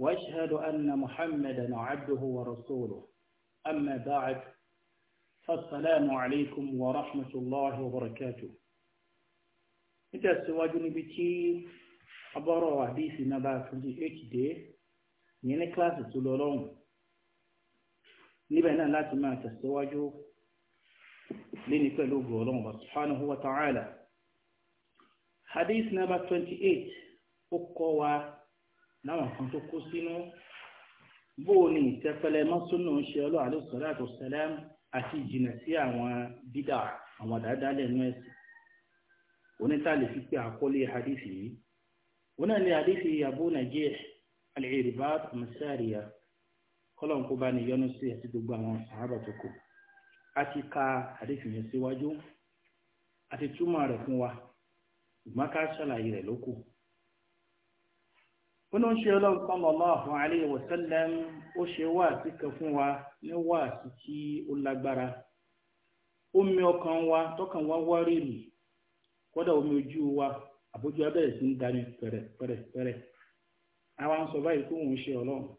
واشهد ان محمدا عبده ورسوله اما بعد فالسلام عليكم ورحمه الله وبركاته انت سواجني بتي عبارة حديث نبا في اتش دي نيني كلاس تولولون نبا هنا لاتي ما تسواجو لني كلو غولون سبحانه وتعالى حديث نبا 28 اوكوا láwọn kan tó kó sínú bó o ní ìtẹ́pẹ́lẹ́ mọ́súnù ń ṣe ọlọ́run àlùsọ̀rọ̀ sẹ́lẹ̀m àti ìjìnà sí àwọn bídà àwọn dáadáa lẹ́nu ẹ̀sìn onítàlẹ́ fi pé àkọlé hadith yìí wọn ní hadith yìí Abu Najih al-Irbad masariya kọlọ́n kó bá ní yọnu sí àti gbogbo àwọn sàhábà tó kù a ti ka hadith yẹn síwájú a ti túmọ̀ rẹ̀ fún wa ìgbọ́n ká ṣàlàyé rẹ̀ lókù fúnà ń ṣe ọlọ́run sallallahu alayhi wa sallam ó ṣe wáàsí kan fún wa ní wáàsí tí ó lágbára omi ọkàn wa tọkàn wa wá rèlì kódà omi ojú wa àbójú abẹ́rẹ́ sí ń dání pẹ̀rẹ̀pẹ̀rẹ̀ àwa ń sọ báyìí kó òun ṣe ọlọ́run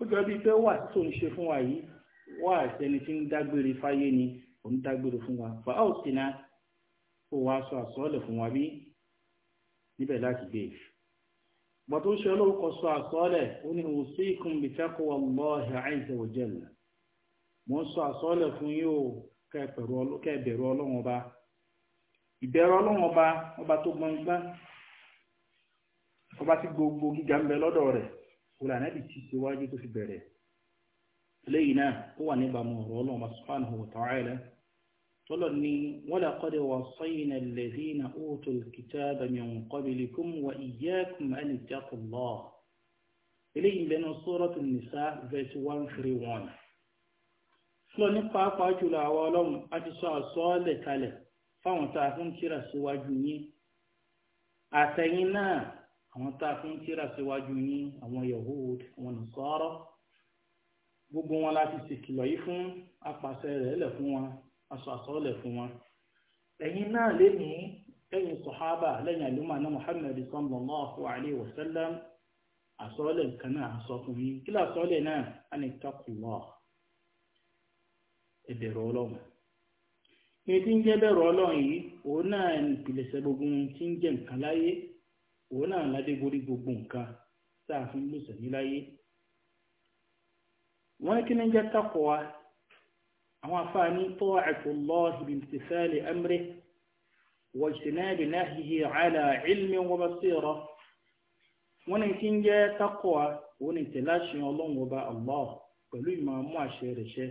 ó jọ bíi pé wáàsí tó ń ṣe fún wa yìí wáàsí ẹni tí ń dágbére fáyé ni òun dágbére fún wa fa áòsì náà ó wàá sọ àsọ́ọ̀lẹ̀ fún wa bí níbẹ̀ láti gbé e. mọ̀ tó ń ṣe o kan sọ àsọ́ọ́lẹ̀ ó ní ọhịa bi taqwallahi azza wa jalla mọ̀ ń sọ àsọ́ọ́lẹ̀ fún yín o kẹ́ẹ̀bẹ̀rù ọlọ́run ọba ìbẹ̀rù ọba ọba tó ọba tí gbogbo gíga ń bẹ lọ́dọ̀ rẹ̀ bí ti ṣe wájú tó fi bẹ̀rẹ̀ lẹ́yìn náà ó wà níbàámu ọ̀rọ̀ طلني ولقد وصينا الذين أوتوا الكتاب من قبلكم وإياكم أن اتقوا الله إليه بين سورة النساء verse 131 lọ ní pàápàá jùlọ àwọn ọlọ́run a ti sọ àsọọ́lẹ̀ kalẹ̀ fáwọn tá a fún kíra síwájú yín àtẹ̀yìn náà àwọn tá a fún kíra síwájú yín àwọn Yahud àwọn Nasara gbogbo wọn láti ṣèkìlọ̀ yìí fún apàṣẹ rẹ̀ lẹ̀ fún wọn aṣọ àsọlẹ̀ fún wọn ẹ̀yin náà lẹ́ni ẹ̀yin sọ̀hábà lẹ́yìn àlùmọ́nà Muhammad sallallahu alayhi wa sallam àsọlẹ̀ nǹkan náà aṣọ fún yín kí lásọlẹ̀ náà á ní takùlọ̀ ẹ̀bẹ̀rẹ̀ ọlọ́run ní tí ń jẹ́ bẹ̀rẹ̀ ọlọ́run yìí òun náà ìpìlẹ̀ṣẹ̀ gbogbo ohun tí ń jẹ́ nǹkan láyé òun náà ládé borí gbogbo nǹkan tá a fi ń lòsàn ní láyé wọ́n kí ní jẹ́ takùwá àwọn afáàní ta'atu Allahi bimtithali amrihi wajtinabi nahyihi ala ilmin wa basira wọ́n ní kí ń jẹ́ taqwa wọ́n ní tẹ̀lé àṣẹ ọlọ́run ọba Allah pẹ̀lú ìmọ̀ mú àṣẹ rẹ̀ ṣẹ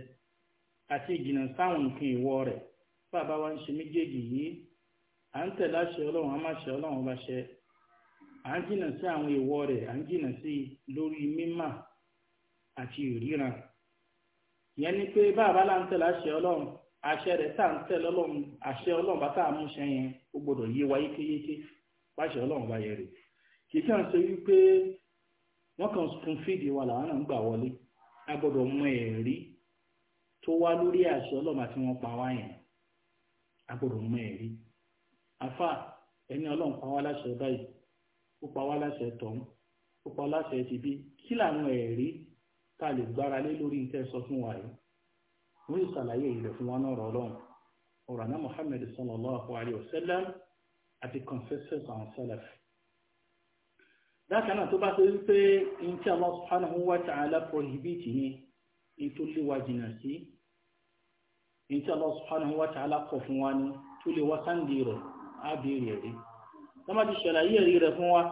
àti ìjìnà sáwọn nǹkan ìwọ rẹ̀ bàbá wa ń ṣe méjèèjì yìí à ń tẹ̀lé àṣẹ ọlọ́run a máa ṣe ọlọ́run ṣẹ à ń jìnà sí àwọn ìwọ rẹ̀ à ń jìnà sí lórí mímà àti ìríran ìyẹn ni pé báàbá là ń tẹ̀lé àṣẹ ọlọ́run àṣẹ rẹ̀ tá à ń tẹ̀lé ọlọ́run àṣẹ ọlọ́run bá tá à mú ṣe yẹn ó gbọdọ̀ yé wa yékéyéké báṣẹ ọlọ́run bá yẹ rè kì í kàn ṣe wípé wọ́n kàn sun fídì wa làwọn náà ń gbà wọlé a gbọdọ̀ mú ẹ̀rí tó wá lórí àṣẹ ọlọ́run àti wọn pa wá yẹn a gbọdọ̀ mú ẹ̀rí afa ẹni ọlọ́run pa wá láṣẹ báyìí ó pa wá láṣẹ tọ̀hún ó pa wá láṣẹ tìbí kí làwọn ẹ̀rí tá a lè gbára lé lórí ìtẹ́ sọ fún wa yìí wọ́n yóò ṣàlàyé ìrẹ̀ fún wa náà rọ̀ ọlọ́run ọ̀rọ̀ àná Muhammad sallallahu alayhi wa sallam àti confessors and salaf. dákan náà tó bá ṣe wípé ní tí Allah subhanahu wa ta'ala prohibit ni ní tó lé wa jìnnà sí ní tí Allah subhanahu wa ta'ala kọ̀ fún wa ni tó lé wa sáǹdì rẹ̀ á béèrè rí. wọ́n ṣàlàyé ẹ̀rí fún wa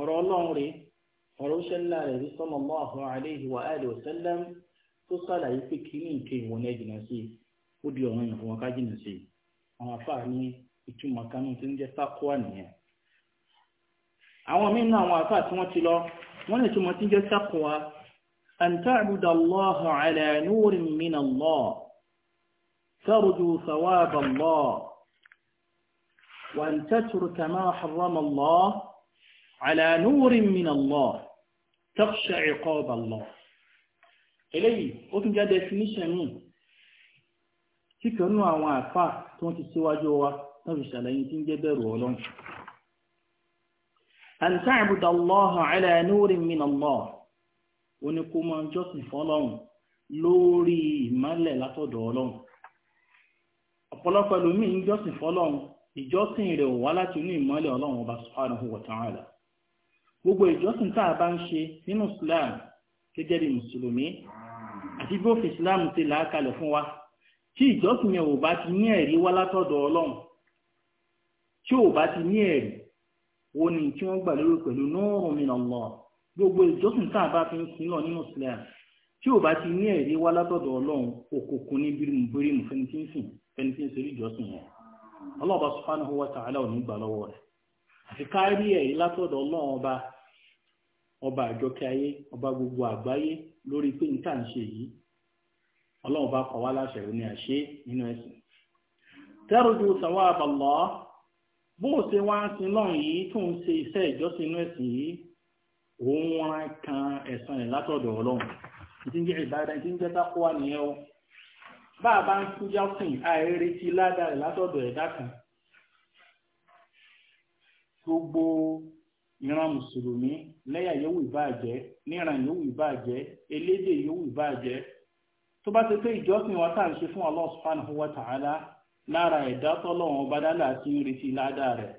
ọ̀rọ̀ ọlọ́run rèé ọ̀rọ̀ ṣẹlá rẹ̀ rí sallallahu alayhi wa alihi wa sallam tó sàlàyé pé kí ní nǹkan ìwọ̀n náà jìnnà sí ó di ọ̀ràn ìfún wọn ká jìnnà sí àwọn afáà ní ìtumọ̀ kanú tó ń jẹ́ tákùwà nìyẹn. àwọn míín náà àwọn afáà tí wọ́n ti lọ wọ́n lè túmọ̀ tí ń jẹ́ tákùwà an ta'buda Allaha ala nurin min Allah tarju thawab Allah tọ́ṣà iqab Allah eléyìí ó tún jẹ́ definition mi tí kan àwọn àfà tó ti síwájú wa tó fi ṣàlàyé tí ń jẹ́ bẹ̀rù ọlọ́run an ta'buda Allaha ala nurin min Allah ó ní kó máa jọ́sìn fọ́lọ́run lórí ìmọ́lẹ̀ látọ̀dọ̀ ọlọ́run ọ̀pọ̀lọpọ̀ ẹlòmíín jọ́sìn fọ́lọ́run ìjọ́sìn rẹ̀ wá ta'ala gbogbo ìjọsìn taa a bá ń ṣe nínú islam gẹ́gẹ́ bí mùsùlùmí àti bí islam ti là fún wa tí ìjọsìn yẹn ò bá ti ní ẹ̀rí wá látọ̀dọ̀ ọlọ́run tí ò bá ti ní ẹ̀rí wo ni tí wọ́n gbà lórí pẹ̀lú gbogbo ìjọsìn taa bá fi ń sin lọ nínú islam tí ò bá ti ní ẹ̀rí wá látọ̀dọ̀ ọlọ́run òkùnkùn ní tí ń sìn tí ń ọba àjọkẹ́ ayé ọba gbogbo àgbáyé lórí pé níta ń ṣe yìí ọlọ́run bá pa wá láṣẹ òní àṣẹ nínú ẹ̀sìn. tẹ́rùjú sàwọn àbàlọ́ bó o ṣe wá ń sin náà yìí tó ń ṣe iṣẹ́ ìjọsìn inú ẹ̀sìn yìí òun wá kan ẹ̀san rẹ̀ látọ̀dọ̀ ọlọ́run ìdí ń jẹ́ ìbára ìdí ń jẹ́ tákúwá nìyẹn o bá a bá ń kú jọ́sìn àìrètí ládàá rẹ̀ látọ̀dọ̀ ẹ̀dá kan gbogbo ìran mùsùlùmí lẹ́yà yòówù ìbàjẹ́ níran yòówù ìbàjẹ́ elédè yòówù ìbàjẹ́ tó bá ti pé ìjọsìn wa tá à ń ṣe fún Allah subhanahu wa ta'ala lára ẹ̀dá tọ́lọ́wọ́n bá dálà sí ń retí ládàá rẹ̀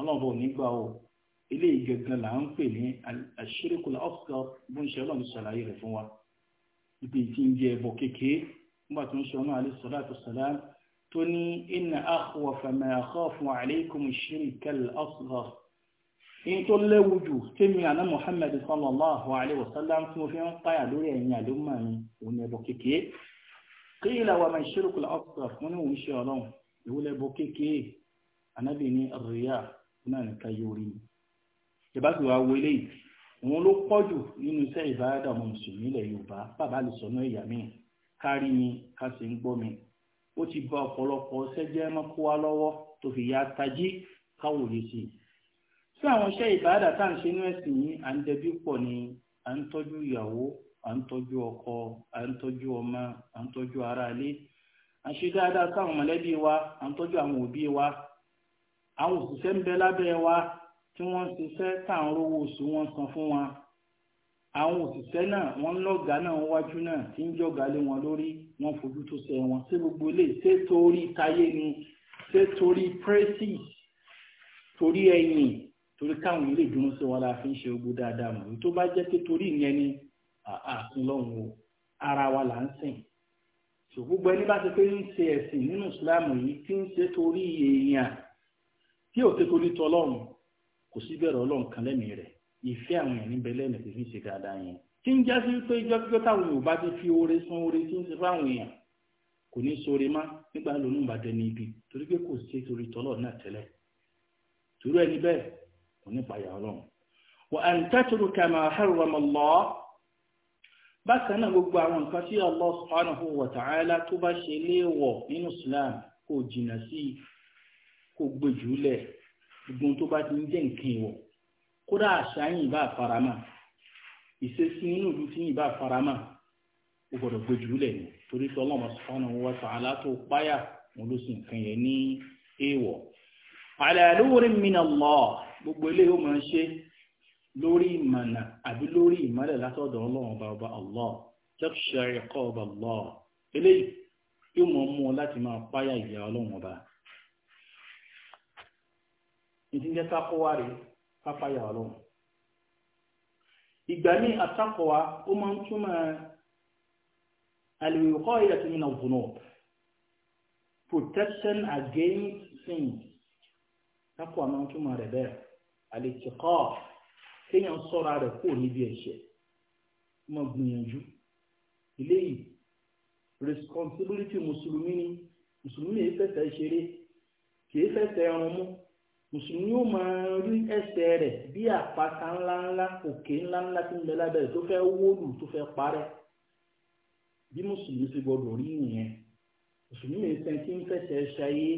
ọlọ́run ò ní gbà ó eléyìí gangan là ń pè ní àṣírìkù ọ̀sọ̀ bó ń ṣe ọlọ́run ṣàlàyé rẹ̀ fún wa ibi tí ń jẹ ẹbọ kékeré nígbà tó ń ṣe ọmọ alẹ́ sọ́láàtù sàlám tó ní inna akhwafa ma akhafu alaykum shirkal asghar in tó léwu jù tèmi àná Muhammad sallallahu alayhi wa sallam tí mo fi ń pààyà lórí ẹ̀yìn àlùmọ́ mi òun ní ẹbọ kékeré qila wa man shirku al-asghar fún ní òun ṣe ọlọ́run ìwúlẹ̀ ẹbọ kékeré ànábì ní ríà náà nìkan yóò rí mi ìbá sì wá wo eléyìí òun ló pọ̀ jù nínú iṣẹ́ ìbáradà ọmọ mùsùlùmí ilẹ̀ Yorùbá bàbá lè sọnù ẹ̀yà míì kárí mi ká sì ń gbọ́ mi ó ti ba ọ̀pọ̀lọpọ̀ ṣẹ́jẹ́ mọ́kúwá lọ́wọ́ tó fi ya tají káwòye sí i sí àwọn iṣẹ́ ìbáàdà tá à ń ṣe inú ẹ̀sìn yìí à ń dẹbí pọ̀ ni à ń tọ́jú ìyàwó à ń tọ́jú ọkọ à ń tọ́jú ọmọ à ń tọ́jú ara ilé à ń ṣe dáadáa sáwọn mọ̀lẹ́bí wa à ń tọ́jú àwọn òbí wa àwọn òṣìṣẹ́ ń bẹ lábẹ́ wa tí wọ́n ń ṣiṣẹ́ tá à ń rówó oṣù wọn san fún wa àwọn òṣìṣẹ́ náà wọ́n ń lọ́gà náà wájú náà tí ń jọ̀gà lé wọn lórí wọ́n fojú tó sẹ wọn ṣé gbogbo ilé ṣé torí táyé ni ṣé torí praises torí ẹ̀yìn torí káwọn ilé ìdúró sí wọn la fi ń ṣe ogun dáadáa mọ̀ tó bá jẹ́ pé torí ìyẹn ni àásùn lọ́hùn o ara wa là ń sìn tó gbogbo ẹni bá ti pé ń ṣe ẹ̀sìn nínú ìsìláàmù yìí tí ń ṣe torí èèyàn tí ò ṣe torí tọlọ́run kò sí bẹ̀rẹ̀ ọlọ́run kan lẹ́mìí rẹ̀ ìfẹ́ àwọn èèyàn níbẹ̀ lẹ́mìí tó fi ń ṣe dáadáa yẹn tí ń jásí pé jọ́jọ́ táwọn yorùbá ti fi oore san oore tí ń ṣe fáwọn èèyàn kò ní sóore má nígbà lónìí bá dẹni ibi torí pé kò ṣe torí tọlọ́run náà tẹ́lẹ̀ torí ẹni bẹ́ẹ̀ onípayà ọlọ́run wà á ń tẹ́tùrù kama harrama Allah bákan náà gbogbo àwọn nǹkan tí Allah subhanahu wa ta'ala tó bá ṣe léèwọ̀ nínú Islam kò jìnnà sí kò gbèjú lẹ̀ gbogbo tó bá ti ń jẹ́ nǹkan ìwọ̀ kódà àṣàyìn ìbá àfarama ìṣesí nínú ìlú tí ìbá àfarama ó gbọ́dọ̀ gbèjú lẹ̀ ni torí pé Allah subhanahu tó páyà wọn ló sì nǹkan yẹn ní èèwọ̀ ala nurin min Allah gbogbo eléyìí ó máa ṣe lórí ìmọ̀nà àbí lórí ìmọ̀lẹ̀ látọ̀dọ̀ ọlọ́run ọba ọba allah tẹ́kṣẹ́ ẹ̀kọ́ ọba allah eléyìí yóò mọ̀ mú ọ láti máa páyà ìyá ọlọ́run ọba ìdíjẹ́ sákọ́wá rẹ̀ pápáyà ọlọ́run ìgbà ní àtàkọ́wá ó máa ń túmọ̀ àlèwòkọ́ ìyàtí mi náà vùnà protection against sin sákọ́wá máa ń túmọ̀ rẹ̀ àlètìkọ́ kéèyàn sọ́ra rẹ̀ kó níbi ẹ̀ṣẹ̀ mọ̀ gbìyànjú eléyìí responsibility mùsùlùmí ni mùsùlùmí yìí fẹsẹ̀ ṣeré kìí fẹsẹ̀ ẹran mú mùsùlùmí ó máa rí ẹsẹ̀ rẹ̀ bí àpáta ńláńlá òkè ńláńlá tí ń bẹ lábẹ́ rẹ̀ tó fẹ́ wólù tó fẹ́ parẹ́ bí mùsùlùmí ti gbọdọ̀ rí nìyẹn mùsùlùmí yìí fẹsẹ̀ ṣayé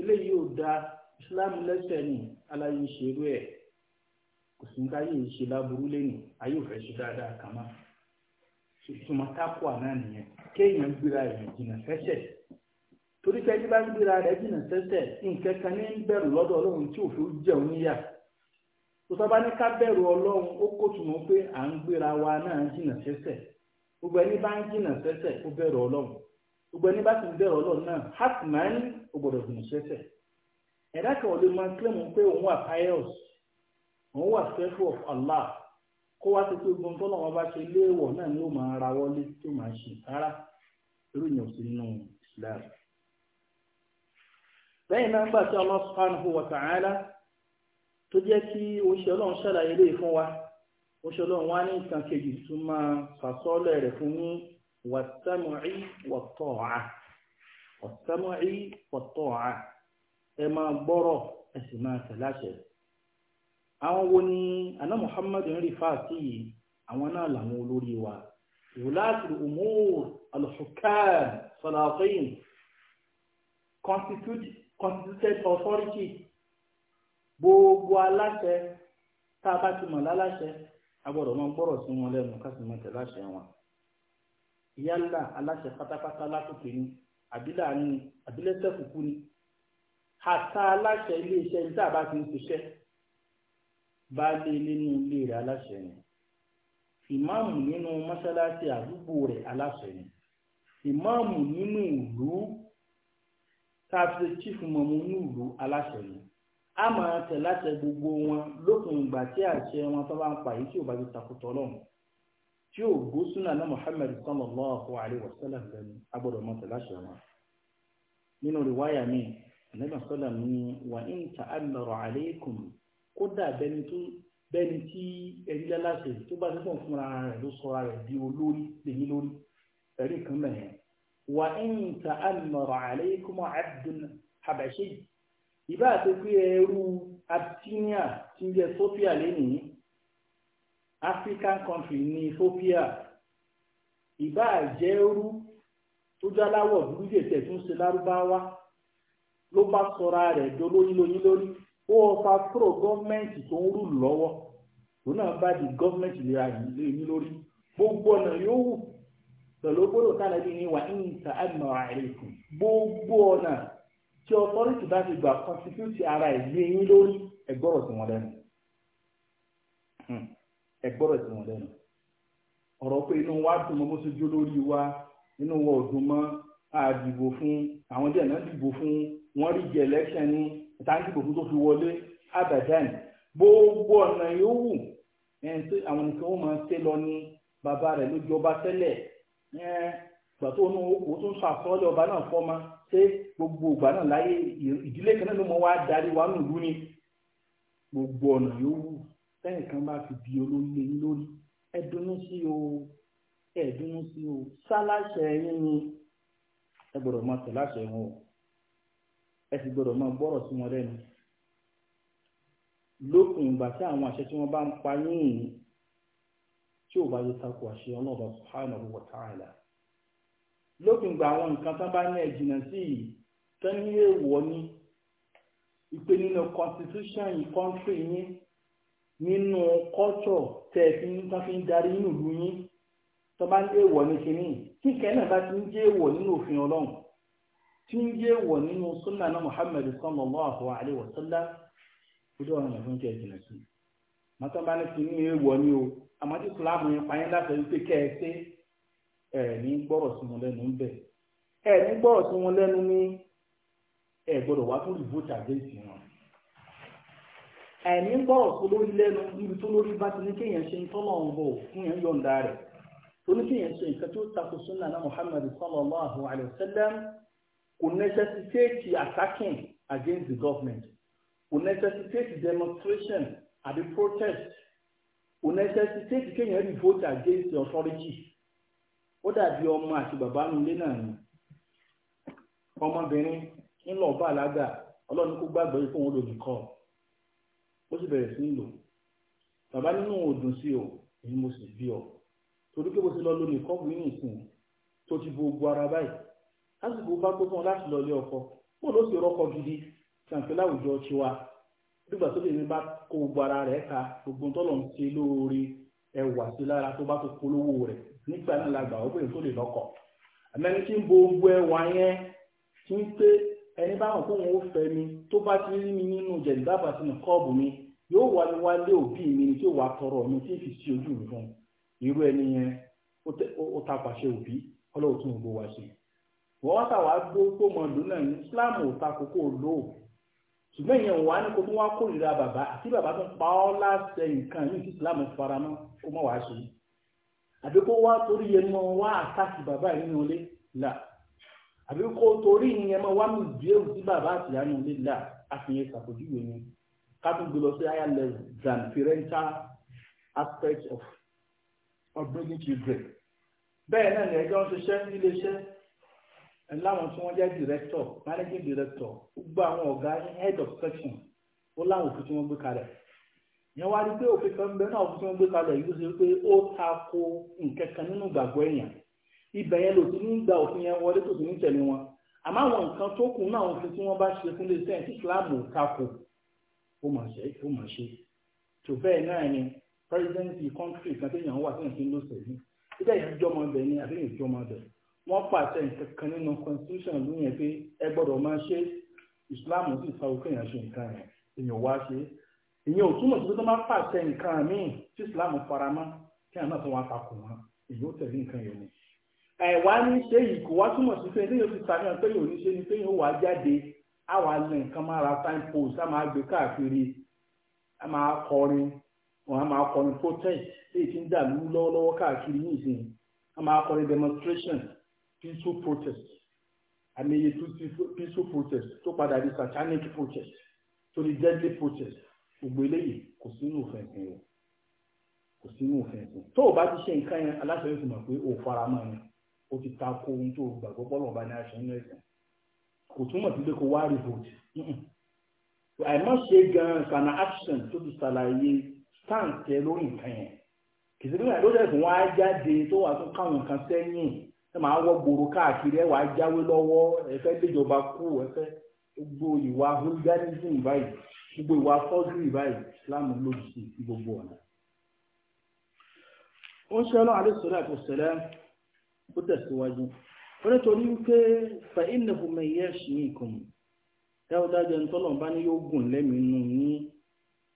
eléyìí ò dáa. islam lẹ́sẹ̀ ni aláyé ń ṣe irú ẹ̀ kò sí nǹkan láburú ayé fẹ́ ṣe dáadáa kàn má ìtumọ̀ tápọ̀ àná nìyẹn kéèyàn gbéra jìnnà torí pé ẹni bá ń gbéra rẹ̀ jìnnà fẹ́sẹ̀ nǹkan kan ní wa náà jìnnà gbogbo ẹni bá ń jìnnà fẹ́sẹ̀ ó gbogbo ẹni bá ti náà hàtìmáì ó ẹ̀dá kan ò lè máa kílẹ̀ mọ́ pé òun wà of Allah kó wá sí pé gbọ́n tọ́lọ́ wọn bá ṣe léèwọ̀ náà ni ó ra wọlé tó máa ṣe rárá irú ìyẹn ò sí nínú Islam. lẹ́yìn náà gbà tí Allah subhanahu wa ta'ala tó jẹ́ kí oṣù ọlọ́run ṣàlàyé lè e fún wa ẹ máa gbọ́rọ̀ ẹ sì máa tẹ̀láṣẹ. àwọn wo ni àná Muhammad ń rí fáàtì yìí àwọn náà làwọn olórí wa wùláàtì umur alhukam salatin constituted authority gbogbo aláṣẹ tá a bá ti mọ̀ láláṣẹ a gbọ́dọ̀ máa gbọ́rọ̀ sí wọn lẹ́nu ká sì máa tẹ̀láṣẹ wọn yálà aláṣẹ pátápátá lákòókè ni àbílẹ̀ àní àbílẹ̀ sẹ́kùkú ni àtà aláṣẹ ilé iṣẹ́ ní tá a bá ti ń ṣiṣẹ́ bá lé nínú ilé rẹ̀ aláṣẹ ni ìmáàmù nínú mọ́ṣáláṣí àdúgbò rẹ̀ aláṣẹ ni ìmáàmù nínú ìlú tá a fi chief mọ̀mú ní ìlú aláṣẹ ni a máa tẹ̀ láṣẹ gbogbo wọn lókun ìgbà tí àṣẹ wọn tó bá ń pa yìí tí ò bá ti takùtọ̀ ọlọ́run tí ò gbó súnà náà Muhammad sallallahu alaihi wasallam lẹ́nu a gbọ́dọ̀ máa tẹ̀ láṣẹ wọn nínú rìwáyà míì ànábì sọ́là ní wà ń ta àmọ̀rọ̀ àlékún kódà bẹni tó bẹni tí ẹni lálàṣẹ tó bá sẹ́fọ̀n fúnra rẹ̀ ló sọ́ra rẹ̀ di olórí lèyìn lórí ẹ̀rí kan mẹ́rin wà ń ta àmọ̀rọ̀ àlékún abdul habashi ìbá àti ẹrú abtinia ti ń jẹ sofia lẹ́nìí african country ní sofia ìbá àjẹrú tó jáláwọ̀ dúdú jẹ̀tẹ̀ tún ṣe lárúbáwá ló bá sọra rẹ̀ dolóyún lóyún lórí ó ọfà pro gọ́ọ̀mẹ̀ntì tó ń rù lọ́wọ́ òun náà bá di gọ́ọ̀mẹ̀ntì lera yìí lórí gbogbo ọ̀nà yóò wù pẹ̀lú gbọ́dọ̀ tààlà bí ní wà ní ìta àmà àìrèkùn gbogbo ọ̀nà tí ọ̀tọ́rìtì bá ti gbà kọ́ńtítútì ara ẹ̀ lé yín lórí ẹ̀gbọ́rọ̀ sí wọn lẹ́nu hmm. ẹ̀gbọ́rọ̀ sí wọn lẹ́nu ọ̀rọ̀ pé inú wa dùn mọ́ mọ́sójú lórí wa inú wa ò dùn mọ́ àdìbò fún àwọn díẹ̀ náà dìbò fún wọ́n rí di election ní ìtàǹtìbò fún tó fi wọlé abadan gbogbo ọ̀nà yòówù àwọn nìkan ó máa ṣe lọ ní bàbá rẹ̀ lójú ọba tẹ́lẹ̀ ìgbà tó nu òkú tó ń sọ àsọ́ọ́lẹ̀ ọba náà fọ́ma ṣé gbogbo ìgbà náà láyé ìdílé kan náà ló mọ wá darí wa nùlú ni gbogbo ọ̀nà yòówù sẹ́yìn kan bá fi di olóyè lórí ẹ dunnú sí o ẹ dunnú sí o sáláṣẹ yín ni ẹ gbọ́dọ̀ máa tẹ̀ láṣẹ wọn o. ẹ gbọdọ ma máa gbọ́rọ̀ sí wọn lẹ́nu lókun ìgbà tí àwọn àṣẹ tí wọ́n bá ń pa yín tí ò bá yẹ takò àṣẹ ọlọ́ọ̀bà subhanahu wa ta'ala lókun ìgbà àwọn nǹkan tán bá ní ẹ̀jìnà sí yìí tán ìpè nínú constitution yìí country yín nínú fi ń tán fi ń darí yín bá kíkẹ́ náà bá ti ń tí ń yé wọ̀ nínú súnà náà Muhammad sallallahu alaihi wa sallam ó dọ̀ ọ̀ràn ìfún jẹ́ ìjìnà sí i mọ́tọ́ bá ní kíní èèwọ̀ ni o àmọ́ tí fúlàmù yẹn pa yín láti rí pé kẹ́ẹ̀ẹ́sẹ́ ẹ̀ẹ̀ní gbọ́rọ̀ sí wọn lẹ́nu ń bẹ̀ ẹ̀ẹ̀ní gbọ́rọ̀ sí wọn lẹ́nu ní ẹ̀ gbọ́dọ̀ wá fún ìbò tàgéèsì wọn ẹ̀ẹ̀ní gbọ́rọ̀ sí lórí lẹ́nu níbi tó lórí bá ti ní kéèyàn ṣe ń tọ́lọ̀ ń bọ̀ fún yẹn yọ̀ǹda rẹ̀ tó ní kéèyàn ṣe nǹkan tó takò sunna na Muhammad sallallahu alayhi wa sallam could necessitate the attacking against the government could necessitate the demonstration àbí protest could necessitate the rí vote against the authority ó dàbí ọmọ àti bàbá nílé náà ni ọmọbìnrin ńlọ ọba àlágà ọlọ́run kó gbàgbọ́ yìí fún òun lòdì kọ́ ó sì bẹ̀rẹ̀ sí lò bàbá nínú òdùn sí o èyí mo sì bí ọ torí pé mo ti lọ lónìí kọ́ọ̀bù yìí nìkún tó ti bo gbogbo ara báyìí lásìkò bá tó fún ọ láti lọ ilé ọkọ bó ló sì rọkọ gidi ṣàǹfẹ́ láwùjọ ti wa nígbà tó lè ní bá kó gbogbo ara rẹ̀ ka gbogbo tọ́lọ̀ ń ṣe lóore ẹwà sí lára tó bá tó polówó rẹ̀ nígbà náà la gbà ó bẹ̀rẹ̀ tó lè lọ́kọ àmẹ́ni tí ń bo gbogbo ẹwà yẹn ti ń pé ẹni bá wọn kó wọn ó fẹ́ mi tó bá ti rí mi nínú jẹ̀dúbàbà sínú kọ́ọ̀bù mi yóò wá mi wá lé òbí mi ni tí ó wà tọrọ mi tí èsì sí ojú mi fún irú ẹni yẹn ó tapàṣẹ òbí ọlọ́run tún gbogbo wa ṣe wọ́n sà wá dó tó mọ̀ lò náà ní Islam ò ta kókó lò ṣùgbọ́n ìyẹn wà ní kó tó wá kórìíra bàbá àti bàbá tó pa ọ́ láṣẹ nǹkan ní Islam faramọ́ kó mọ̀ wá ṣe àbí kó wá torí yẹn mọ wá àtàkì bàbá yìí nínú ilé là àbí kó torí yẹn mọ wá mi bíé òsì bàbá àtìyá nínú ilé là àfihàn ṣàpèjúwe ni ká tó gbé lọ sí higher level than parental aspect of of bringing children bẹ́ẹ̀ náà ni ẹjọ́ ń ṣiṣẹ́ nílé iṣẹ́ láwọn tí wọ́n jẹ́ director managing director gbogbo àwọn ọ̀gá head of section ó láwọn òfin tí wọ́n gbé kalẹ̀ yẹn wá rí pé òfin kan bẹ náà òfin tí wọ́n gbé kalẹ̀ yìí ló ṣe pé ó ta ko nǹkan kan nínú ìgbàgbọ́ èèyàn ibẹ̀ yẹn ló ti ní gba òfin yẹn wọlé tó ti ní tẹ̀lé wọn àmọ́ àwọn nǹkan tó kù náà òfin tí wọ́n bá ṣe fún lè sẹ́yìn tí Islam ò ta ko ó mà ṣe ó mà ṣe tó bẹ́ẹ̀ náà ni president country kan téèyàn wà téèyàn ti ń lò sẹ́yìn ó dẹ̀ yẹn jọmọ bẹ̀ ni àbí yẹn jọmọ bẹ̀ wọ́n pàṣẹ nǹkan nínú constitution ló yẹn pé ẹ gbọ́dọ̀ máa ṣe islam sì fa òkè yẹn ṣe nǹkan yẹn èèyàn wá ṣe ìyẹn ò túmọ̀ sí pé tó máa pàṣẹ nǹkan míì tí islam faramọ́ kí àná tó wọn takò wọn èèyàn ó tẹ̀lé nǹkan yẹn ni. àìwá ní ṣe yìí kò wá túmọ̀ sí pé ti ní ṣe ni wá jáde á wà á máa á máa á máa kọrin protest peaceful protest àmìyẹ tó ti peaceful protest tó padà di satanic protest tó di deadly protest gbogbo eléyìí kò sínú òfin ẹ̀sìn rẹ̀ kò sínú òfin ẹ̀sìn tó o bá ti ṣe nǹkan yẹn aláṣẹ yóò ti mọ̀ pé o fara mọ́ ni o ti ta ko ohun tó o gbàgbọ́ pọ́lọ̀ ọba ní aṣọ nínú ẹ̀sìn kò túmọ̀ sí pé kò wá revolt àìmọ̀ṣe gan-an kana action tó ti ṣàlàyé stand tẹ lórí nǹkan yẹn kìsìkìsì àìlóṣẹ̀sìn wọn á jáde tó wà fún káwọn nǹkan sẹ́yìn ẹ máa wọ gbòòrò káàkiri ẹ wàá jáwé lọ́wọ́ ẹ fẹ́ déjọba kú ẹ fẹ́ gbogbo ìwà hooliganism báyìí gbogbo ìwà fọ́sírì báyìí Islam lòdì sí gbogbo ọ̀nà. ó ń ṣe ọlọ́run àdéṣọ́lá kò sẹ́lẹ̀ ó tẹ̀síwájú ó ní torí wípé fàínà fúnmi yẹ ṣì ń kùn dáwọ́dájọ́ ń tọ́lọ̀ bá ní yóò gùn lẹ́mìí nù ní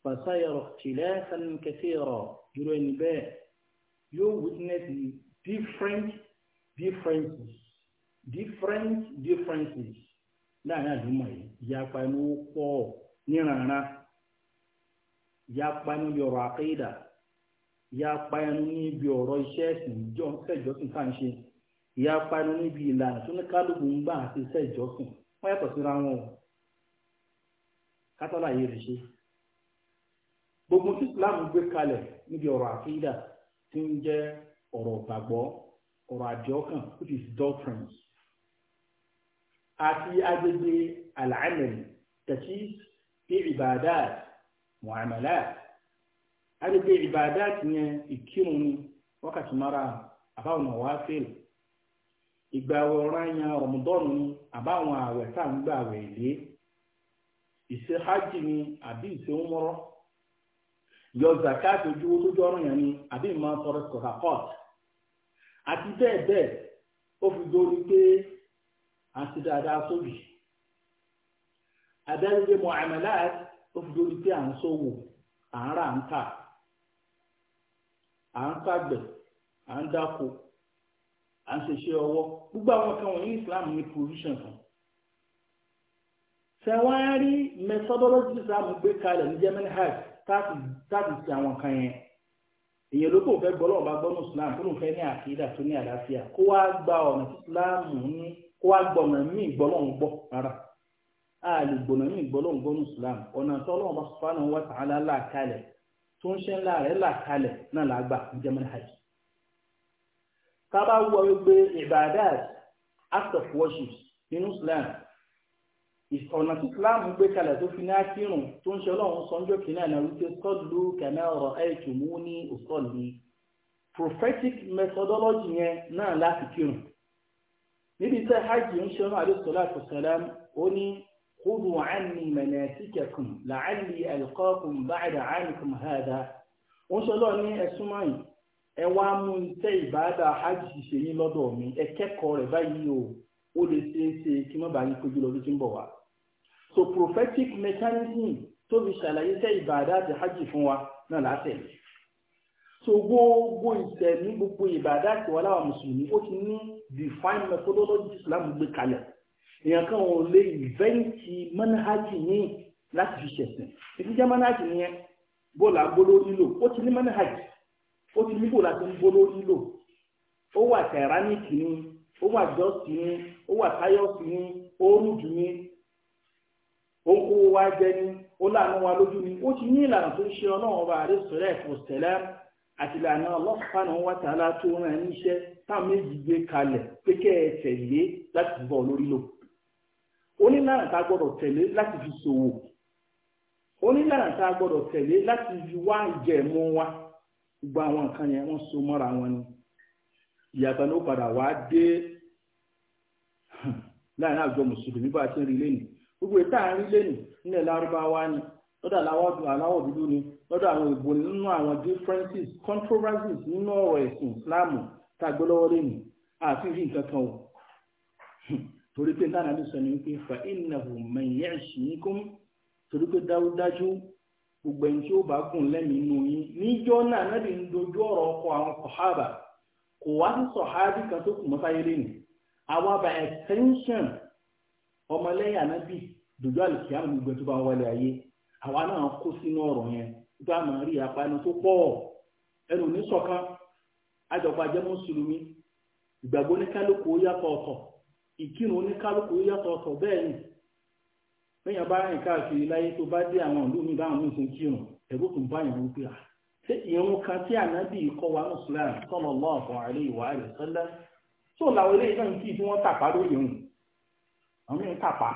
fàṣàyọ̀rọ̀ tìlẹ̀ sanni kẹfì rọ̀ irú ẹni bẹ́ẹ̀ yóò witness different differences different differences láàrin àdúmọ̀ yìí ìyapa ẹnu pọ̀ níranran ìyapa ẹnu bí àkéèdà ìyapa ẹnu níbi ọ̀rọ̀ iṣẹ́ ẹ̀sìn ìjọ ìṣẹ́jọsìn tá à ń ṣe ìyapa ẹnu níbi ìlànà tó ní kálukú ń gbà àti iṣẹ́ wọ́n yàtọ̀ síra wọn o kátàlá yìí rè ṣe gbogbo tí Islam gbé kalẹ̀ níbi ọ̀rọ̀ àkéèdà ń jẹ́ ọ̀rọ̀ gbàgbọ́ ọ̀rọ̀ àdìọ́kàn which is doctrines àti agbègbè al-amal bí ibadat muamalat agbègbè ibadat yẹn ìkírun ni wákàtí mara àbáwọn nawafil ìgbà ọ̀ràn yẹn rọmọdọ́nù ni àbáwọn àwẹ̀ tá à ń gbà ni àbí ise yọ zakat ojú owó tó jọ yẹn ni àbí ìmọ̀ tọrọ àti bẹ́ẹ̀ bẹ́ẹ̀ ó fi dórí pé à ń ṣe dáadáa sóbì àdáyébé muamalat ó fi dórí pé à ń ṣòwò à ń rà ń tà à ń ṣàgbẹ̀ à ń dáko à ń ṣiṣẹ́ ọwọ́ gbogbo àwọn kan wọ̀nyí Islam ní provision kan sẹ́wọ́n á rí methodology Islam gbé kalẹ̀ ní german hajj táàtì táàtì ti àwọn kan yẹn. èyàn ló kò fẹ́ gbọ́ lọ́wọ́ bá gbọ́ ní islam tó ló fẹ́ ní àkídà tó ní àlàáfíà kó wá gba ọ̀nà tí islam ní kó wá gbọ́ ọ̀nà míì gbọ́ lọ́wọ́ gbọ́ rárá a lè gbọ́nà míì gbọ́ lọ́wọ́ gbọ́ ní islam ọ̀nà tó lọ́wọ́ bá là tó ń ṣe ńlá rẹ̀ là náà là gbà hajj. ká wọ gbé ibadat act nínú islam ọ̀nà tí ìsìláàmù gbé kalẹ̀ tó fi ní akírun tó ń ṣe ọlọ́run sọ́njọ́ kìíní àná wípé sọ́ọ̀lù kẹ̀mẹ́ ọ̀rọ̀ ẹ̀ẹ́tù mú ní òsọ́ọ̀lì prophetic methodology yẹn náà láti kírun níbi tẹ́ hajj ń ṣe ọ̀nà àdéhùn sọ́lá àtọ̀sálám ó ní kúrú àánì mẹ̀nẹ́síkẹ̀kùn làálì ẹ̀lkọ́kùn báyìí àánìkùn hàdá ó ń ṣe ọlọ́run ní ẹ̀sùn mọ́yìn ẹ wá mú iṣẹ́ ìbáadà hajj ṣe yín lọ́dọ̀ mi ẹ kẹ́kọ̀ọ́ rẹ̀ báyìí o ó lè ṣeé ṣe kí mọ́ bá yín kojú lọ́dún tí ń bọ̀ wá so prophetic mechanism tó fi ṣàlàyé iṣẹ́ ìbàdà àti hajj fún wa náà látẹ̀lé so gbogbo ìtẹ̀lé gbogbo ìbàdà àti wàhálà wa mùsùlùmí ó ti ní defined methodology Islam gbé kalẹ̀ èèyàn kan ò lè ìvẹ́ǹtì mọ́náhájì ní láti fi ṣẹ̀sìn ìfijẹ́ mọ́náhájì nìyẹn bóòlù agbóló nílò ó ti ní mọ́náhájì ó ti ní bóòlù àti gbóló nílò ó wà tẹ̀ránìkì ni ó wà jọ́sì ni ó wà táyọ̀sì ni ó rújù ni ó ń kó wa jẹ ni ó láàánú wa lójú ni ó ti ní ìlànà tó ń ṣe ọlọ́run ọba àrẹ sọ̀rẹ́ ìfọ̀sẹ̀lẹ̀ àti ìlànà Allah subhanahu wa ta'ala tó ràn ní iṣẹ́ táwọn méjì gbé kalẹ̀ pé kẹ́ ẹ tẹ̀lé láti bọ̀ lórí lò onílànà tá a gbọ́dọ̀ tẹ̀lé láti fi ṣòwò onílànà tá a gbọ́dọ̀ tẹ̀lé láti fi wá ìjẹ̀mú wa gbogbo àwọn nǹkan yẹn wọ́n so mọ́ra wọn ni ìyàtọ̀ ló padà wá dé láàrin àjọ mùsùlùmí bá a ti ń rí lẹ́nu gbogbo ètò àárín lẹ́nu nílẹ̀ lárúbáwá ni lọ́dọ̀ aláwọ̀ dúdú ni lọ́dọ̀ àwọn ìbò nínú àwọn differences controversies nínú ọ̀rọ̀ ẹ̀sìn islamu tàgbé lọ́wọ́ lẹ́nu àfi rí nǹkan o torí pé sọ ni wípé fa innahu man ya'ish minkum torí pé dájúdájú gbogbo ẹni tí ó bá gùn lẹ́mìí nù yín níjọ́ náà nábì ń dojú ọ̀rọ̀ ọkọ̀ àwọn sọ̀hábà kò wá sí ọmọlẹ́yìn ànábì dòdò àlùkí àwọn gbogbo tó bá wálé ayé àwa náà kó sínú ọ̀rọ̀ yẹn tó a máa rí apá ẹnu tó pọ̀ ẹnu ní ṣọ̀kan àjọpọ̀ ajẹ́ mùsùlùmí ìgbàgbọ́ oníkálukú yàtọ̀ ọ̀tọ̀ ìkírun oníkálukú yàtọ̀ ọ̀tọ̀ bẹ́ẹ̀ ni lẹ́yìn abá rìn káàkiri láyé tó bá dé àwọn ìlú bá àwọn yẹn kàpá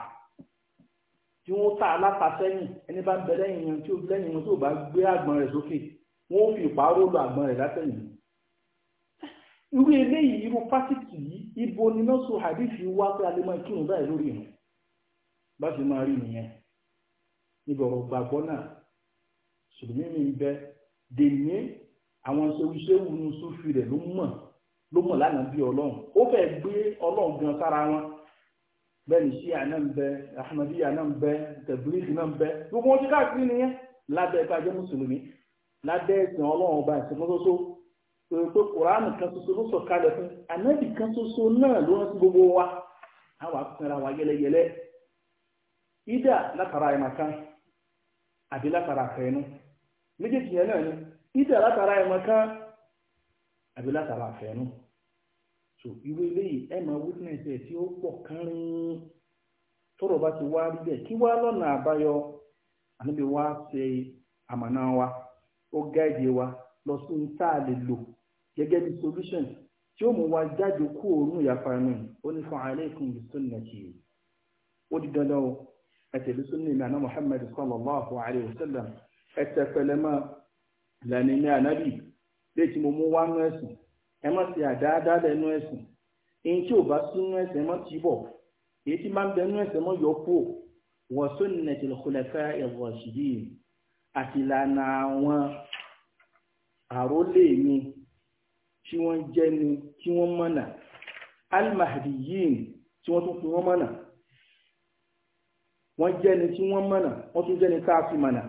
tí wọ́n ta aláta sẹ́yìn ẹni bá ń bẹ lẹ́yìn wọn tí ó lẹ́yìn wọn tí ò bá gbé àgbọn rẹ̀ sókè wọ́n ó fi ìpààrọ̀ lọ àgbọn rẹ̀ látẹ̀yìn. irú eléyìí irú pásítì yìí ibo ni nọ́ọ̀sù hadithi wá pé a lè máa kírun báyìí lórí ìrìn bá ti máa rí nìyẹn níbi ọ̀rọ̀ gbàgbọ́ náà ṣùgbọ́n mi ń bẹ dèmí àwọn ṣewuṣewu ní sùfì ló mọ̀ ló mọ̀ lánàá bí ọlọ́run ó fẹ́ gbé ọlọ́run gan sára wọn bẹ́ẹ̀ ni ṣíà náà ń bẹ ahmadiyya náà ń bẹ tẹ̀bílíìsì náà ń bẹ gbogbo wọn ti káàkiri nìyẹn lábẹ́ ẹ̀ka jẹ́ mùsùlùmí lábẹ́ ẹ̀sìn ọlọ́run ọba ẹ̀sìn kan ṣoṣo pé kùránù kan ṣoṣo ló sọ kalẹ̀ fún ànábì kan ṣoṣo náà ló rántí gbogbo wa àwọn akọ̀nra wa yẹlẹyẹlẹ ìdá látara ẹ̀mọ̀ká àbí látara àfẹ́nu méjèèjì yẹn náà ni ìdá látara ẹ̀mọ̀ká àbí látara àfẹ́nu so ìwé ilé ẹ witness ẹ̀ tí ó pọ̀ kánrin tọ́rọ̀ bá ti wá rí bẹ́ẹ̀ kí wá lọ́nà àbáyọ wá ṣe àmàna wa ó gáìdì wa lọ sí ní tá a lè lò gẹ́gẹ́ bí solution tí ó mú wa jáde kú òórùn ìyapa ẹnu ó ní fún alaykum bi ó di dandan o ẹtẹ̀lẹ́ sallallahu alayhi wa sallam ní léèkì mo èyí tí ò bá sínú ẹsẹ̀ mọ́ ti bọ̀ èyí tí máa ń bẹ nínú ẹsẹ̀ mọ́ yọ kú wa sunnatil khulafa'ir rashidin àti ìlànà àwọn àrólé mi tí wọ́n jẹ́ ni tí wọ́n mọ̀nà al-mahdiyin tí wọ́n tún fi wọ́n mọ̀nà wọ́n jẹ́ ni tí wọ́n mọ̀nà wọ́n tún jẹ́ ni tá a fi mọ̀nà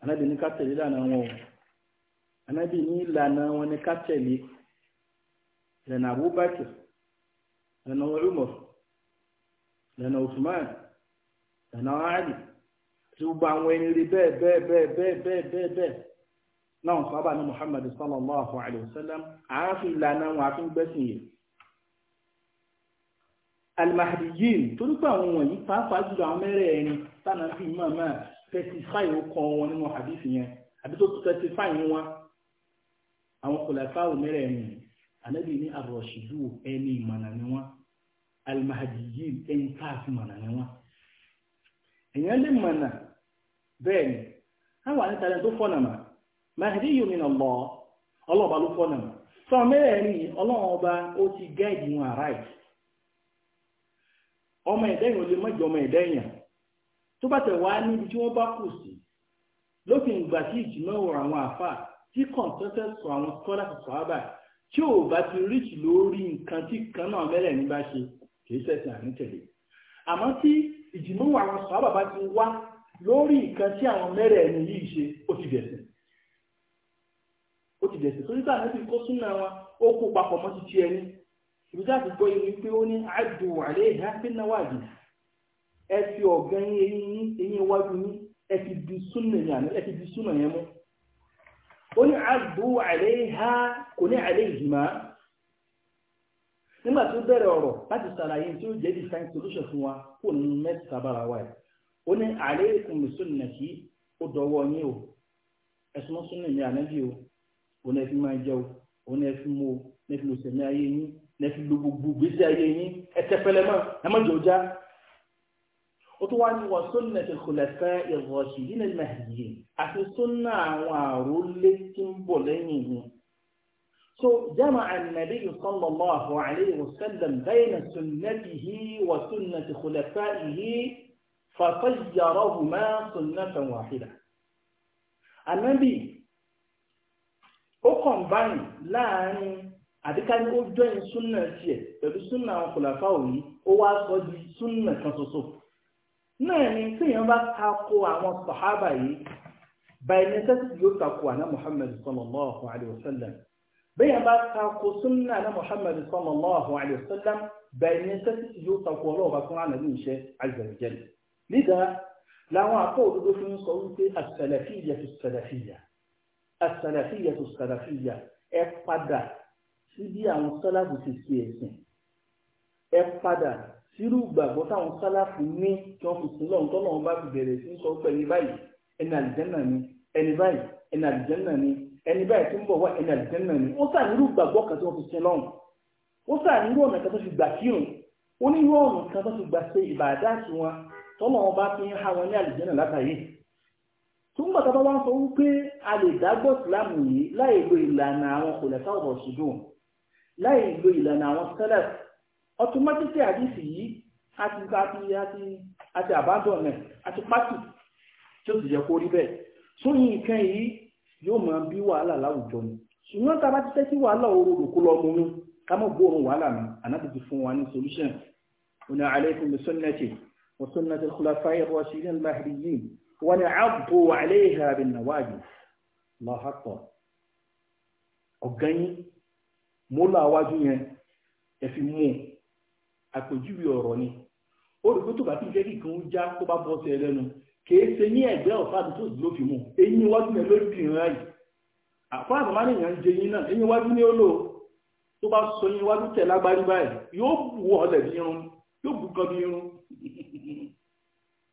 anábì ní ká tẹ̀lé lànà wọn o anábì ní ìlànà wọn ni ká tẹ̀lé da na abubakar da na umar da na usman da na ali tí gbogbo àwọn ẹni rí bẹ́ẹ̀ bẹ́ẹ̀ bẹ́ẹ̀ bẹ́ẹ̀ bẹ́ẹ̀ bẹ́ẹ̀ bẹ́ẹ̀ náà sábà ní muhammadu sallallahu alayhi wa sallam àáfin ìlànà wọn àfin gbẹ́sìn yìí alimahadiyin torí pé àwọn wọ̀nyí pàápàá jùlọ àwọn mẹ́rẹ̀ẹ̀rin tánà fi máa máa tẹ̀sífáì ó kọ́ wọn nínú hadith yẹn àbí tó tẹ̀sífáì wọn àwọn kòlàfáà mẹ́rẹ̀ẹ̀rin yìí anabi ní arọ̀ṣìdù ẹni ìmọ̀nà ni wọ́n alimahadiyi ẹni káàfin mọ̀nà ni wọ́n èèyàn lè mọ̀nà bẹ́ẹ̀ ni káwọn àti tàlẹ́ tó fọ́nà mà mahadi yìí sọ ti gáìdì wọn àráìtì ọmọ ẹ̀dẹ́yìn ò lè mọ́jọ ọmọ ẹ̀dẹ́yìn tó bá ba wá níbi tí wọ́n bá kù sí lókè ìgbà tí ìjìnà ọ̀rọ̀ àwọn àfà tí kọ̀ǹtẹ́tẹ̀ sọ tí ò bá ti ríṣì lórí nǹkan tí kan náà mẹ́rẹ̀ ní bá ṣe kìí ṣẹ̀sìn ànítẹ̀lé àmọ́ tí ìjìmọ̀ àwọn sọ́ọ́ bàbá ti wá lórí nǹkan tí àwọn mẹ́rẹ̀ ẹni yìí ṣe ó ti dẹ̀sìn ó ti dẹ̀sìn torí sáà níbi kó súnmọ́ wọn ó kó papọ̀ mọ́ ti ti ẹni ìbí sáà ti gbọ́ irin pé ó ní àjò àlẹ́ ìhá pé náwó àjò ẹ fi ọ̀gán yín eyín iwájú yín ẹ ti di súnmọ̀ yẹn mú ó ní àdú àléhà kò ní àléhìmá nígbà tó bẹ̀rẹ̀ ọ̀rọ̀ láti sàlàyé tí ó jẹ́ design solution fún wa kò ní mẹ́ta bára wa ẹ̀ ó ní àléhìkùn mùsùlùmí kí ó dọwọ́ yín o ẹ̀sùn mọ́sùlùmí ní ànábì o òun ẹ̀ fi máa jẹ́ o òun ẹ̀ fi mú o ní ẹ̀ fi lò ayé yín ní ẹ̀ fi gbogbo gbèsè ayé yín ẹ̀ tẹ́pẹ́lẹ́ mọ́ ẹ̀ mọ́jọ́ já tó wá ní wọ́n sọ́nà ti kùlẹ̀fẹ́ ìrọ̀ṣì nínú mẹ́hìyìn àti sọ́nà àwọn àrólé tí ń bọ̀ lẹ́yìn yìí. so jama anabi sallallahu alayhi wa sallam bayna sunnatihi wa sunnati khulafaihi fatayyarahuma sunnatan wahida. anabi ó kàn báyìí láàrin àdíká ní ó jọyìn súnà tiẹ̀ pẹ̀lú súnà àwọn òní ó wá sọ di súnà kan ṣoṣo. náà ni tí tíyàn bá tako àwọn sàhábà yìí báyìí by necessity yóò tako àná Muhammad sallallahu alayhi wa sallam bẹ́yàn bá tako súnmọ́ àná Muhammad sallallahu alayhi wa sallam báyìí by necessity yóò tako bá fún àná iṣẹ́ azẹ̀rẹ̀jẹ̀lì nígbà làwọn àpò òdodo fi ń sọ asalafiya tó as asalafiya tó salafiyya padà pada síbi àwọn sálàbù ti fi ẹ̀sìn ẹ padà sírú gbàgbọ́ táwọn sálàfù ní kí wọ́n fi sin lọ́run tọ́lọ́ wọn bá fi bẹ̀rẹ̀ sí sọ pé ẹni báyìí ẹni àlìjẹ́nà ni ẹni báyìí ẹni àlìjẹ́nà ni ẹni báyìí tó ń bọ̀ wá ẹni àlìjẹ́nà ni wọ́n sàn nírú gbàgbọ́ kan tí wọ́n fi sin lọ́run wọ́n sàn nírú ọ̀nà kan tó fi gbà kírun onírú ọ̀nà kan tó fi gbà ṣe ìbàdáàsì wọn tọ́lọ́ wọn bá fi ọtọmọtìtì àdìsí yìí àti àti àti àti àbádọ́nà àti pátì tí ó sì yẹ kó rí bẹ́ẹ̀ sóyìn nǹkan yìí yóò máa bí wàhálà láwùjọ ni ṣùgbọ́n tá a bá ti tẹ́tí wàhálà òru kó lọ mú un ká mọ̀ gbóòórùn wàhálà mi ànábì ti fún wa ní solution oní alaykum bi sunnati wa sunnati al-khulafa'i ar-rashidin al ni abdu alayha bin nawajib Allahu akbar ọ̀gá yín mọ́lá wájú yẹn ẹ fi mú un àpèjúwe ọ̀rọ̀ ni ó rò pé tó bá ti jẹ́ kí kan já tó bá bọ́ sí ẹ lẹ́nu kìí ṣe ní ẹ̀gbẹ́ ọ̀fáàdì tó ló fi mú eyín wájú yẹn ló bì rán yìí àfáàdì má nìyàn ń jẹ eyín náà eyín wájú ní ó lò tó bá sọ eyín wájú tẹ̀ lágbárí báyìí yóò bu ọ̀lẹ̀ bí irun yóò bu kan bí irun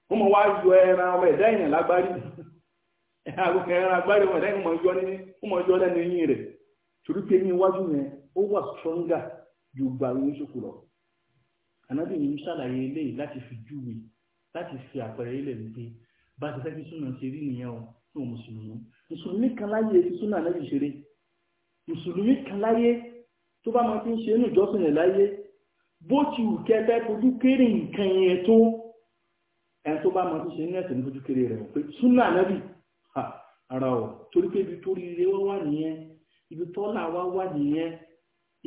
wọ́n mọ̀ wá yọ ẹran ọmọ ẹ̀dá ìyàn lágbárí àgùkẹ́ ẹran agbárí ọmọ ẹ̀dá ìyàn mọ̀ ànábì ní ṣàlàyé eléyìí láti fi júwe láti fi àpẹẹrẹ ilẹ̀ wípé bá a ti fẹ́ fi súnà ṣe rí nìyẹn o fún mùsùlùmí mùsùlùmí kan láyé fi súnà ànábì ṣeré mùsùlùmí kan láyé tó bá máa fi ń ṣe inú ìjọsìn rẹ̀ láyé bó ti wù kẹfẹ́ fojú kéré nǹkan yẹn tó ẹni tó bá máa fi ṣe inú ẹ̀sìn fojú kéré rẹ̀ pé súnà ànábì ara ọ̀ torí pé ibi tó rí ire wá wà nìyẹn ibi tọ́lá wá wà nìyẹn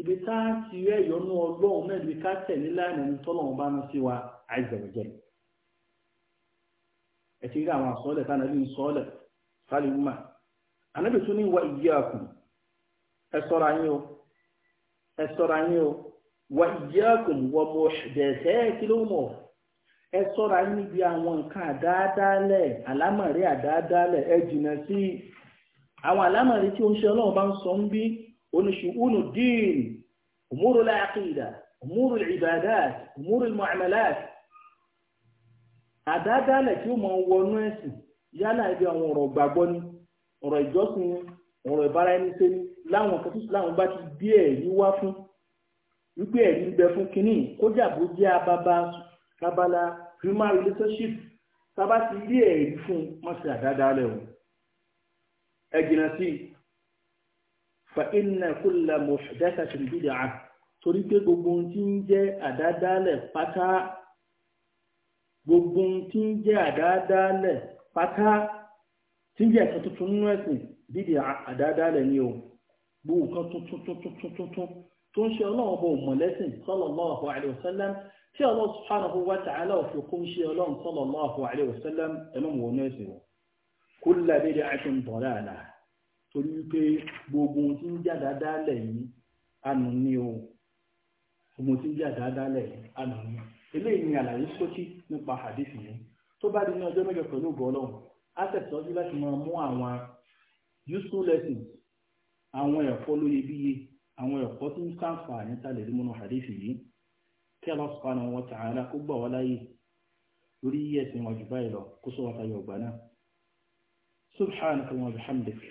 ibi tá a ti rẹ́ ìyọnú ọlọ́run náà ká tẹ̀lé ẹni wa azza ẹ ti rí àwọn àsọ́ọ̀lẹ̀ tánàbí ń tún ní wa iyyakum ẹ ṣọ́ra yín o ẹ yín o wa iyyakum wa muhdathati al-umur ẹ ṣọ́ra yín níbi àwọn nǹkan ẹ jìnnà ونشؤون الدين أمور العقيدة أمور العبادات أمور المعاملات àdádálẹ̀ tí ó máa wọnú ẹ̀sìn yálà ibi àwọn ọ̀rọ̀ gbàgbọ́ ni ọ̀rọ̀ ìjọsìn ni ọ̀rọ̀ ìbára ẹni ṣe ni láwọn kan tuntun láwọn bá ti bí ẹ̀rí wá fún wípé ẹ̀rí ń bẹ fún kínní kódà bó jẹ́ ababa kábàlà human relationship sábà ti rí ẹ̀rí fún wọn ṣe àdádálẹ̀ o ẹ sí i fa inna kulla muhdathatin bid'ah torí pé gbogbo ohun tí ń jẹ́ àdádálẹ̀ pátá gbogbo ohun tí ń jẹ́ àdádálẹ̀ pátá tí ń jẹ́ ẹ̀sán tuntun nínú ẹ̀sìn bídìí àdádálẹ̀ ni o gbogbo nǹkan tuntun tuntun tuntun tuntun tó ń ṣe ọlọ́run bò mọ̀lẹ́sìn sallallahu alaihi wasallam tí Allah subhanahu wa ta'ala òfin kó ń ṣe ọlọ́run sallallahu alaihi wasallam ẹlọ́mùwọ̀n ẹ̀sìn kulla bid'atin torí wípé gbogbo ohun tí ń jà dáadáa lẹ̀ yìí ànú ni o gbogbo ohun tí ń jà dáadáa lẹ̀ yìí ànú ni eléyìí ni àlàyé sókí nípa hadisi yìí tó bá di ní ọjọ́ mẹ́jọ pẹ̀lú bọ́ọ̀lọ́hùn á tẹ̀síwájú láti máa mú àwọn useful lessons àwọn ẹ̀kọ́ lóyebíye àwọn ẹ̀kọ́ tí ń ṣàǹfààní tá a lè múnú hadisi yìí kí Allah subhanahu wa ta'ala kó gbà wá láyè lórí ẹ̀sìn wájú báyìí lọ kó sọ wá tayọ̀ ọgbà náà subhanaka wa bihamdika.